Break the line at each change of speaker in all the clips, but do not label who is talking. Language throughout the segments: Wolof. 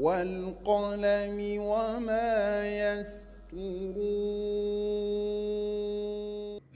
والقلم وما يسطرون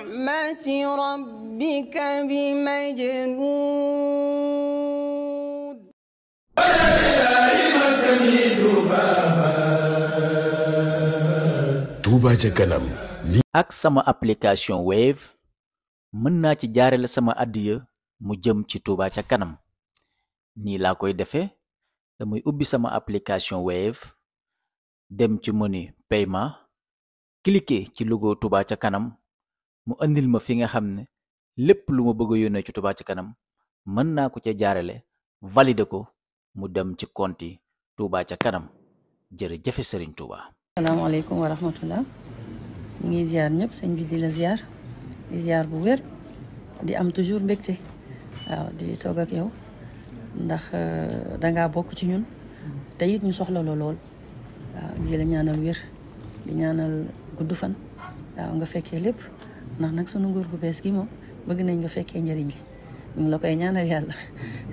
نعمة ربك بمجنون
ca kanam ak sama application Wave mën naa ci jaarale sama àddiya mu jëm ci tuubaa ca kanam nii laa koy defee damay ubbi sama application Wave dem ci menu paiement cliquer ci logo Touba ca kanam mu indil ma fi nga xam ne lépp lu ma bëgg a yónnee ci Touba ci kanam mën naa ko ca jaarale valider ko mu dem ci compte yi ca kanam jërëjëf Serigne sëriñ
asalaamaaleykum wa rahmatullah ñu ngi ziar ñépp sëñ bi di la ziar di bu wér di am toujours mbégte waaw di toog ak yow ndax euh, dangaa bokk ci ñun te it ñu soxla la lool waaw di la ñaanal wér di ñaanal gudd fan waaw nga fekkee lépp. ndax nag sunu nguur gu bees gi moom bëgg nañ nga fekkee njëriñ li ñu ngi la koy ñaanal yàlla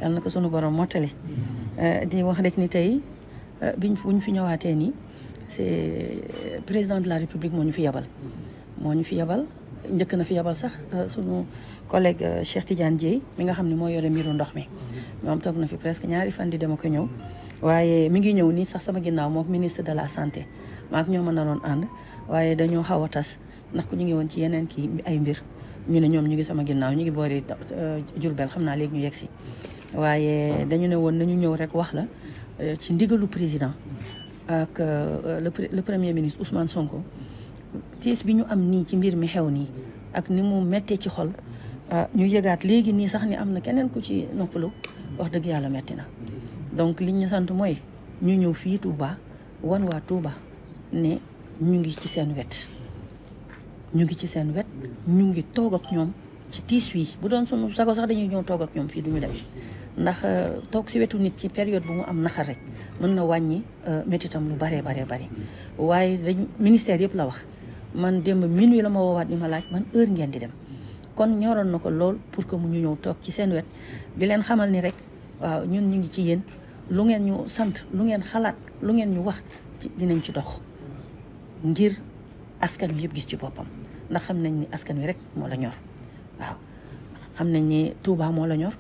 yàlla na ko sunu borom mottali euh, di wax rek ni tey euh, biñ buñ fi ñëwaatee nii c'est euh, président de la république moo ñu fi yabal moo ñu fi yabal njëkk na fi yabal sax sunu collègue Cheikh Tidiane Dieye mi nga xam ni moo yore mbiru ndox mi moom toog na fi presque ñaari fan di dama ko ñëw waaye mi ngi ñëw nii sax sama ginnaaw moom ministre de la santé maak ñoo mën a doon ànd waaye dañoo xaw tas ndax ku ñu ngi woon ci yeneen kii ay mbir ñu ne ñoom ñu ngi sama ginnaaw ñu ngi boori euh, Jurbel xam naa léegi ñu yegg si waaye dañu ne woon nañu ñëw rek wax la euh, ci ndigalu président ak euh, le premier ministre Ousmane Sonko tiis bi ñu am nii ci mbir mi xew nii ak ni mu méttee ci xol ah, ñu yëgaat léegi nii sax ni am na keneen ku ci noppalu wax dëgg yàlla metti na donc li ñu sant mooy ñu ñëw fii Touba wan waa Touba ne ñu ngi ci seen wet ñu ngi ci seen wet ñu ngi toog ak ñoom ci tiis wi bu doon sunu sago sax dañuy ñëw toog ak ñoom fii duñu ñu def ndax euh, toog si wetu nit ci période bu mu am naxar rek mën na wàññi euh, métitam lu baree baree bari waaye dañ ministère yëpp la wax man démb wi la ma woowaat di ma laaj man heure ngeen di dem kon ñoroon na ko lool pour que mu ñu ñëw toog ci seen wet di leen xamal ni rek waaw ñun ñu ngi ci yéen lu ngeen ñu sant lu ngeen xalaat lu ngeen ñu wax dinañ ci dox askan wi yëpp gis ci boppam ndax xam nañ ni askan wi rek moo la ñor waaw xam nañ ni Touba moo la ñor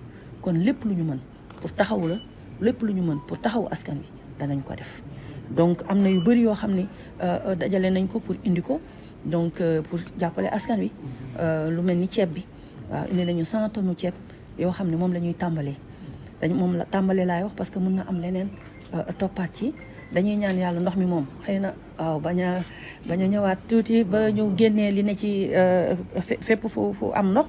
kon lépp lu ñu mën pour taxaw la lépp lu ñu mën pour taxaw askan wi danañ ko def donc am na yu bëri yoo xam ne euh, dajale nañ ko pour indi ko donc euh, pour jàppale askan wi euh, lu mel ni ceeb bi waaw indi nañu cent mu ceeb yoo xam ni moom la ñuy tàmbalee dañ moom la tàmbalee laay wax parce que mun na am leneen toppaat ci dañuy ñaan yàlla ndox mi moom xëy na waaw bañ a bañ ñëwaat tuuti ba ñu génnee li ne ci euh, fépp fu am ndox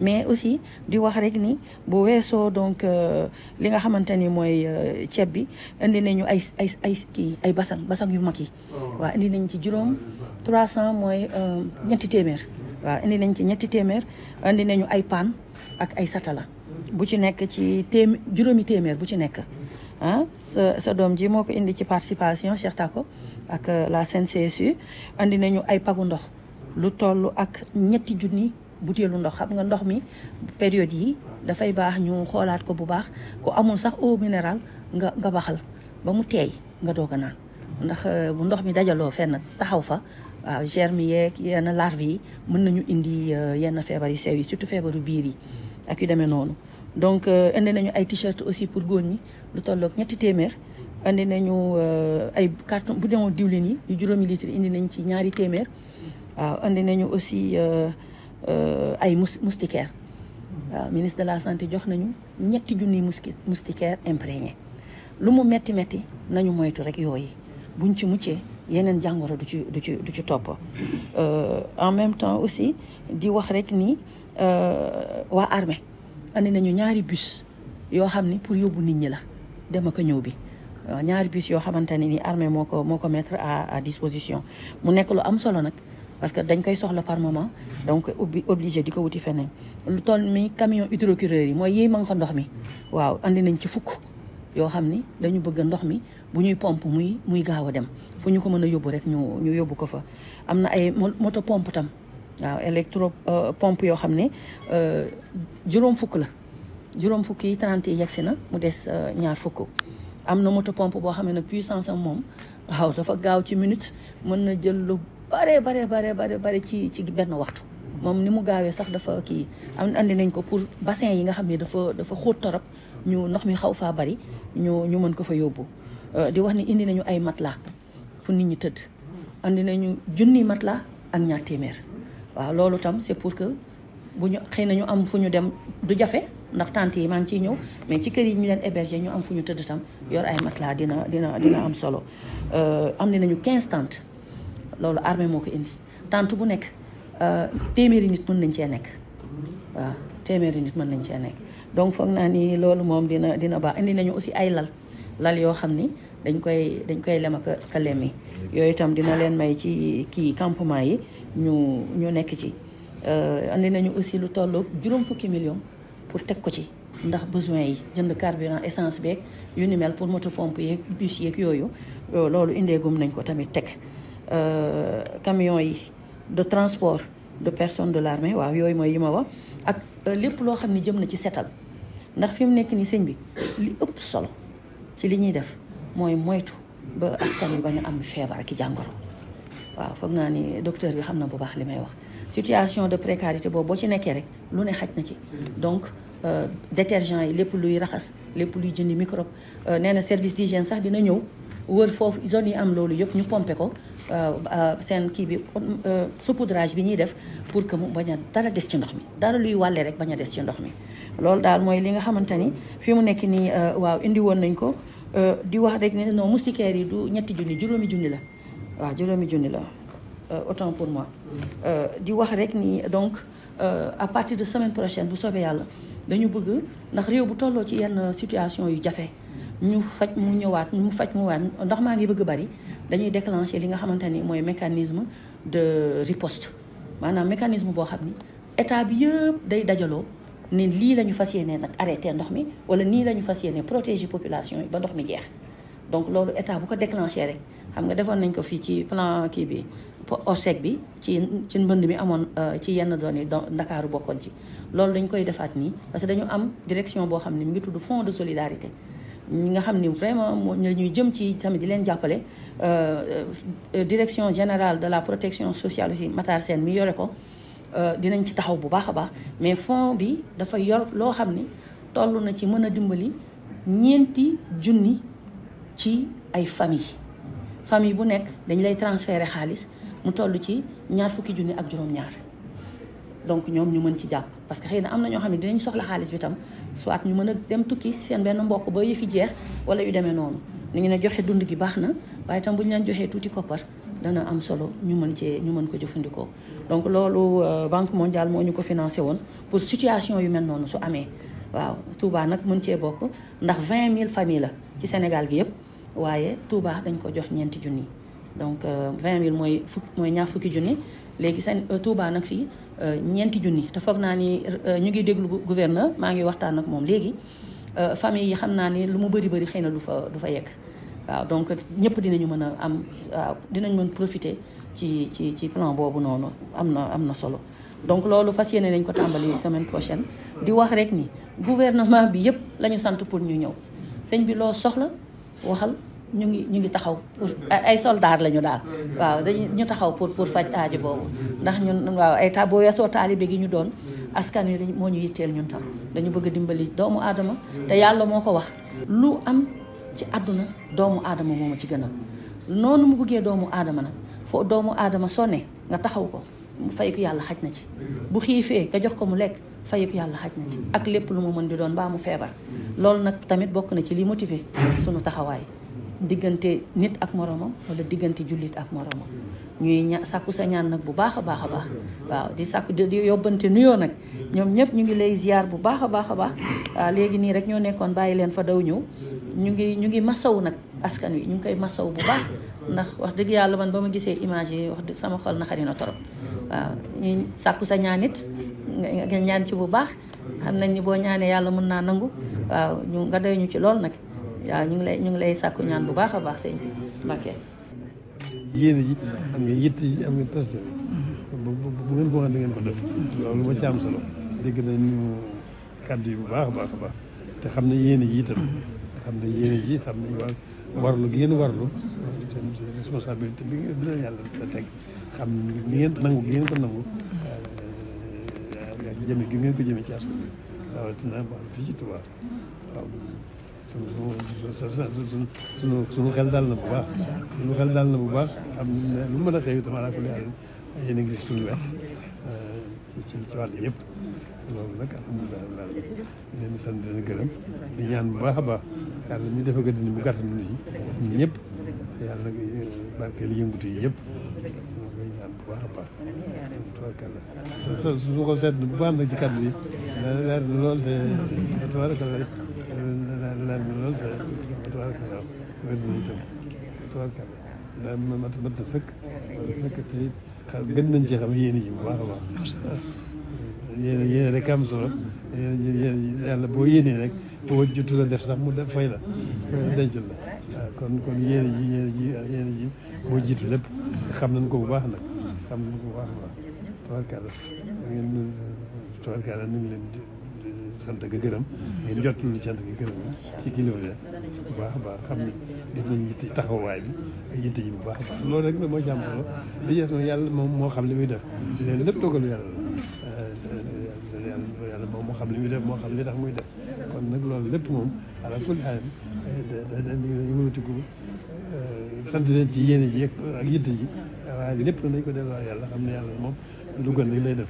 mais aussi di wax rek ni bu weesoo donc euh, li nga xamante ni mooy euh, ceeb bi indi nañu ay ay ay bassan ay yu mag yi oh. waaw indi nañ ci juróom trois cent mooy ñetti téeméer waaw indi nañ ci ñetti téeméer indi nañu ay paan ak ay satala bu ci nekk ci téem juróomi téeméer bu ci nekk sa sa doom ji moo ko indi ci participation Cheikh Tako ak euh, la CNCSU andi nañu ay pagu ndox lu toll ak ñetti junni butéelu ndox xam nga ndox mi période yi dafay baax ñu xoolaat ko bu baax ku amul sax eau minérale nga nga baxal ba mu teey nga doog a naan ndax euh, bu ndox mi dajaloo fenn taxaw fa waaw germes yenn larves yi mën nañu indi euh, yenn feebar yu sew yi surtout feebaru biir yi ak yu demee noonu donc euh, indi nañu ay t-shirt aussi pour góor ñi lu tolloog ñetti téeméer indi nañu euh, ay carton bu demoon diwlin yi yu juróomi litre indi nañ ci ñaari téeméer waaw indi nañu aussi euh, ay moustiquaire waaw ministre de la santé jox nañu ñetti junniy muski moustiquaire imprégné lu mu metti metti nañu moytu rek yooyu buñ ci muccee yeneen jàngoro du ci du ci du ci topp en même temps aussi di wax rek ni waa armée andi nañu ñaari bus yoo xam ni pour yóbbu nit ñi la dem ak ñëw bi ñaari bus yoo xamante ne ni armee moo ko moo ko mettre à disposition mu nekk lu am solo nag parce que dañ koy soxla par moment donc obligé di ko wuti feneen lu toll mi camion hydrocureur yi mooy yiy man ko ndox mi waaw andi nañ ci fukk yoo xam ni dañu bëgg ndox mi bu ñuy pompe muy muy gaaw a dem fu ñu ko mën a yóbbu rek ñu ñu yóbbu ko fa am na ay moto pompe tam waaw électro euh, pompe yoo xam ne euh, juróom fukk la juróom fukk yi 30 yi yegsi na mu des euh, ñaar fukk am na moto pompe boo xam ne nag puissance am moom waaw dafa gaaw ci minute mën na jël lu bare bare bare bare bare ci ci benn waxtu moom ni mu gaawee sax dafa kii am andi nañ ko pour bassin yi nga xam ne dafa dafa xóot torop ñu ndox mi xaw faa bari ñu ñu mën ko fa yóbbu di wax ni indi nañu ay matelas pour nit ñi tëdd andi nañu junni matelas ak ñaar téeméer waaw loolu tam c'est pour que bu ñu xëy na ñu am fu ñu dem du jafe ndax tante yi maa ngi ciy ñëw mais ci kër yi ñu leen héberger ñu am fu ñu tëdd tam yor ay matelas dina dina dina am solo euh, am nañu 15 tentes loolu armée moo ko indi tente bu nekk euh, téeméeri nit mën nañ cee nekk téeméeri nit mën nañ cee nekk donc foog naa ni loolu moom dina dina baax indi nañu aussi ay lal lal yoo xam ni dañ koy dañ koy lem ak a lem yooyu itam dina leen may ci kii campement yi ñu ñu nekk ci euh, andi nañu aussi lu tolloog juróom fukki million pour teg ko ci ndax besoin yi jënd carburant essence beeg yu ni mel pour moto pompe yeeg bus yeeg yooyu euh, loolu indeegum nañ ko tamit teg euh, camion yi de transport de personnes de l'armée waaw yooyu mooy yi ma wax ak lépp loo xam ni jëm na ci setal ndax fi mu nekk nii sëñ bi li ëpp solo ci li ñuy def mooy moytu ba askan wi ba ñu am feebar ak i jàngoro waaw foog naa ni docteur bi xam na bu baax li may wax situation de précarité boobu boo ci nekkee rek lu ne xaj na ci donc euh, détergent yi lépp luy raxas lépp luy jëndi microbe euh, nee na service d'hygiène sax dina ñëw wër foofu zone yi am loolu yëpp ñu pomper ko euh, seen kii bi saupoudrage bi ñuy def pour que mu bañ a dara des ci ndox mi dara luy wàlle rek bañ a des ci ndox mi loolu daal mooy li nga xamante ni fi mu nekk nii waaw indi woon nañ ko di wax rek ne non moustiquaire yi du ñetti junni juróomi junni la waa juróomi junni la euh, autant pour moi euh, di wax rek nii donc euh, à partir de semaine prochaine bu soobee yàlla dañu bëgg ndax réew bu tolloo ci yenn situation yu jafe ñu faj mu ñëwaat mu faj mu waat ndax maa ngi bëgg bari dañuy déclencher li nga xamante ni mooy mécanisme de riposte maanaam mécanisme boo xam ni état bi yëpp day dajaloo ne lii la ñu fas yéenee nag arrêté ndox mi wala nii la ñu fas yéenee protéger population yi ba ndox mi jeex donc loolu état bu ko déclenché rek xam nga defoon nañ ko fii ci plan kii bi ORSEC bi ci ci mbënd mi amoon euh, ci yenn zone yi donc Ndakaaru bokkoon ci loolu dañ koy defaat nii parce que dañu am direction boo xam ne mi ngi tudd fonds de solidarité ñi nga xam ni vraiment moo ñuy jëm ci tamit di leen jàppale euh, direction général de la protection sociale aussi Matar Sène mu yore ko euh, dinañ ci taxaw bu baax a baax mais fonds bi dafa yor loo xam ni tollu na ci mën a dimbali ñeenti junni ci ay famille famille bu nekk dañ lay transférer xaalis mu toll ci ñaar fukki junni ak juróom-ñaar donc ñoom ñu mën ci jàpp parce que xëy na am na ñoo xam ne dinañ soxla xaalis bi tam soit ñu mën a dem tukki seen benn mbokk ba yëfi jeex wala yu demee noonu ñu ne joxe dund gi baax na waaye tam bu ñu leen joxee tuuti koppar dana am solo ñu mën cee ñu mën ko jëfandikoo. donc loolu euh, banque mondiale moo ñu ko financé woon pour situation yu mel noonu su amee waaw Touba nag mën cee bokk ndax 20 000 familles la ci Sénégal gi yëpp. waaye Touba dañ ko jox ñeenti junni donc euh, vingt mooy fukk mooy ñaar fukki junni léegi seen euh, Touba nag fii euh, ñeenti junni te foog naa ni ñu ngi déglu gouverneur maa ngi waxtaan ak moom léegi famille yi xam naa ni lu mu bëri bëri xëy na du fa du fa yegg waaw donc ñëpp dinañu mën a am dinañ mën profiter ci ci ci plan boobu noonu am na am na solo donc loolu fas yéene nañ ko tàmbali semaine prochaine di wax rek ni gouvernement bi yëpp lañu sant pour ñu ñëw sëñ bi loo soxla waxal ñu ngi ñu ngi taxaw pour ay soldaar lañu daal waaw dañu ñu taxaw pour pour faj aajo boobu ndax ñun waaw ay ta boo weesoo gi ñu doon askan wi moo ñu yitteel ñun tam dañu bëgg dimbali doomu aadama te yàlla moo ko wax lu am ci àdduna doomu aadama moo ma ci gënal noonu mu buggee doomu aadama nag foo doomu aadama sonne nga taxaw ko fayiku yàlla xaj na ci bu xiifee nga jox ko mu lekk fayiku yàlla xaj na ci ak lépp lu ma mën di doon mbaa mu feebar loolu nag tamit bokk na ci li motiver suñu taxawaay diggante nit ak moroomam wala diggante jullit ak moromam ñuy ña sàkku sa ñaan nag bu baax a baax a baax waaw di sàkku di yóbbante nuyoo nag ñoom ñëpp ñu ngi lay ziar bu baax a baax a baax léegi nii rek ñoo nekkoon bàyyi leen fa daw ñëw ñu ngi ñu ngi masaw nag askan wi ñu ngi koy masaw bu baax ndax wax dëgg yàlla man ba ma gisee image yi wax dëgg sama xol naxari na torop waaw ñuy sàkku sa ñaan it ñaan ci bu baax xam nañ ni boo ñaanee yàlla mën naa nangu waaw ñu nga doy ñu ci lool nag waaw ñu ngi lay ñu ngi lay sàkku ñaan bu baax a baax sëñ Mbacke
yéene ji am nga yitt am nga poste bu ngeen ko wax da ngeen ko def loolu ma ci am solo dégg nañu kàddu yi bu baax a baax a baax te xam ne yéene ji itam xam ne yéene ji xam ne waa warlu gi ngeen warlu seen responsabilité bi ngeen bi leen yàlla teg xam ni ngeen nangu gi ngeen ko nangu euh, jëme gi ngeen ko jëme ci askan bi rawatina fii ci Tuubaa waaw sunu sunu sunu xel daal na bu baax sunu xel daal na bu baax xam ne lu mën a a ngi sunu ci ci wàll yëpp loolu nag alhamdulilah leen di sant di leen gërëm ñaan bu baax a baax yàlla ñu defe ga dindi bu gàtt ñu ñi ñëpp te yàlla nag eh, barkeel yëngutu yi yëpp koy ñaan bu baax a baax tubaarkàlla su ko seet bu baax nag ci kàddu yi leer na lool te tubaarkàlla leer na lool te tubaarkàlla xam gën nañ ci xam yéene ji bu baax a baax yéene yéene rek am solo yéene yàlla boo yéenee rek boo wajjutu la def sax mu def fay la dencal la waaw kon kon yéene ji yéene ji yéene ji boo jiitu lépp xam nañ ko bu baax nag xam nañ ko bu baax a baax tabarkàlla da ngeen tabarkàlla ni ngi leen sant ak gërëm ngeen jot ñu sant ak gërëm ci kilifa yi bu baax a baax xam ne gis nañ yitte taxawaay bi ak yi bu baax baax loolu rek la moo ci li des moom yàlla moom moo xam li muy def léegi lépp dogalu yàlla la yàlla moom moo xam li muy def moo xam li tax muy def kon nag loolu lépp moom ala kulli xaalim da da ñu mënatiku euh, sant leen ci yéene ji ak yitte ji waaye lépp nañ ko delloo yàlla xam ne yàlla moom lu gën rek lay def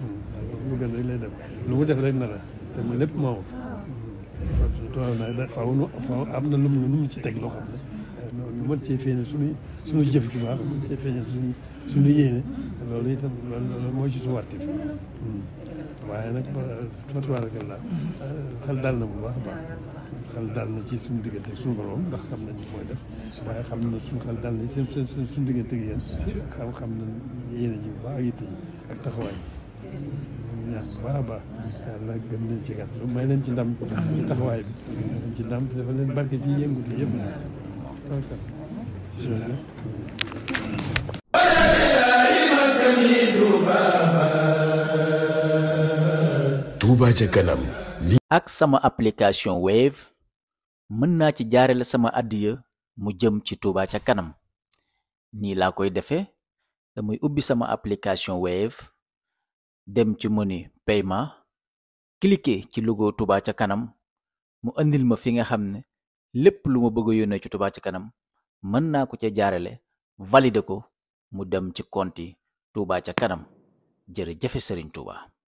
hmm, lu gën lay def lu mu def rek na la te mu lépp moo ko faaw nu faaw am na lu mu lu mu ci teg loo xam ne ñu mën cee feeñe suñuy suñu jëf ju baax mën cee feeñe suñu suñu yéene loolu itam loolu mooy ci su wartif hmm. waaye nag fatuwaaraka la xel daal na bu baax a baax xel dal na ci suñu diggante suñu borom ndax xam nañ mooy def waaye xam na suñ xel dal na seen seen suñu diggante ak yéen xam xam na yéene ji bu baax ak ji ak taxawaay ñaan bu
baax a ca kanam ak sama application Wave mën naa ci jaarale sama àddiya mu jëm ci Touba ca kanam nii laa koy defee damay ubbi sama application Wave dem ci moni paiement cliquer ci logo Touba ca kanam mu andil ma fi nga xam ne lépp lu ma bëgg a yónnee ci Touba ca kanam mën naa ko ce jaarale valider ko mu dem ci compte Touba ca kanam jërëjëf Serigne Touba.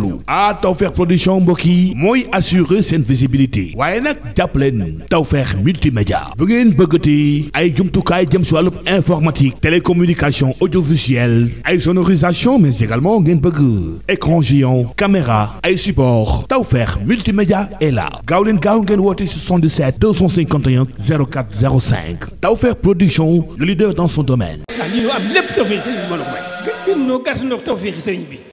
teewlu ah Tawfekh production mbokk yi mooy assurer seen visibilité waaye nag jàppaleen Tawfekh multimédia bu ngeen bëggati ay jumtukaay jëm si wàllu informatique télécommunication audiovisuelle ay sonorisation mais également ngeen bëgg écran géant caméra ay support Tawfekh multimédia est là gaaw leen gaaw ngeen woote 77 production le leader dans son domaine.
ah lii loo am lépp Tawfekh sëriñ bi mën a may.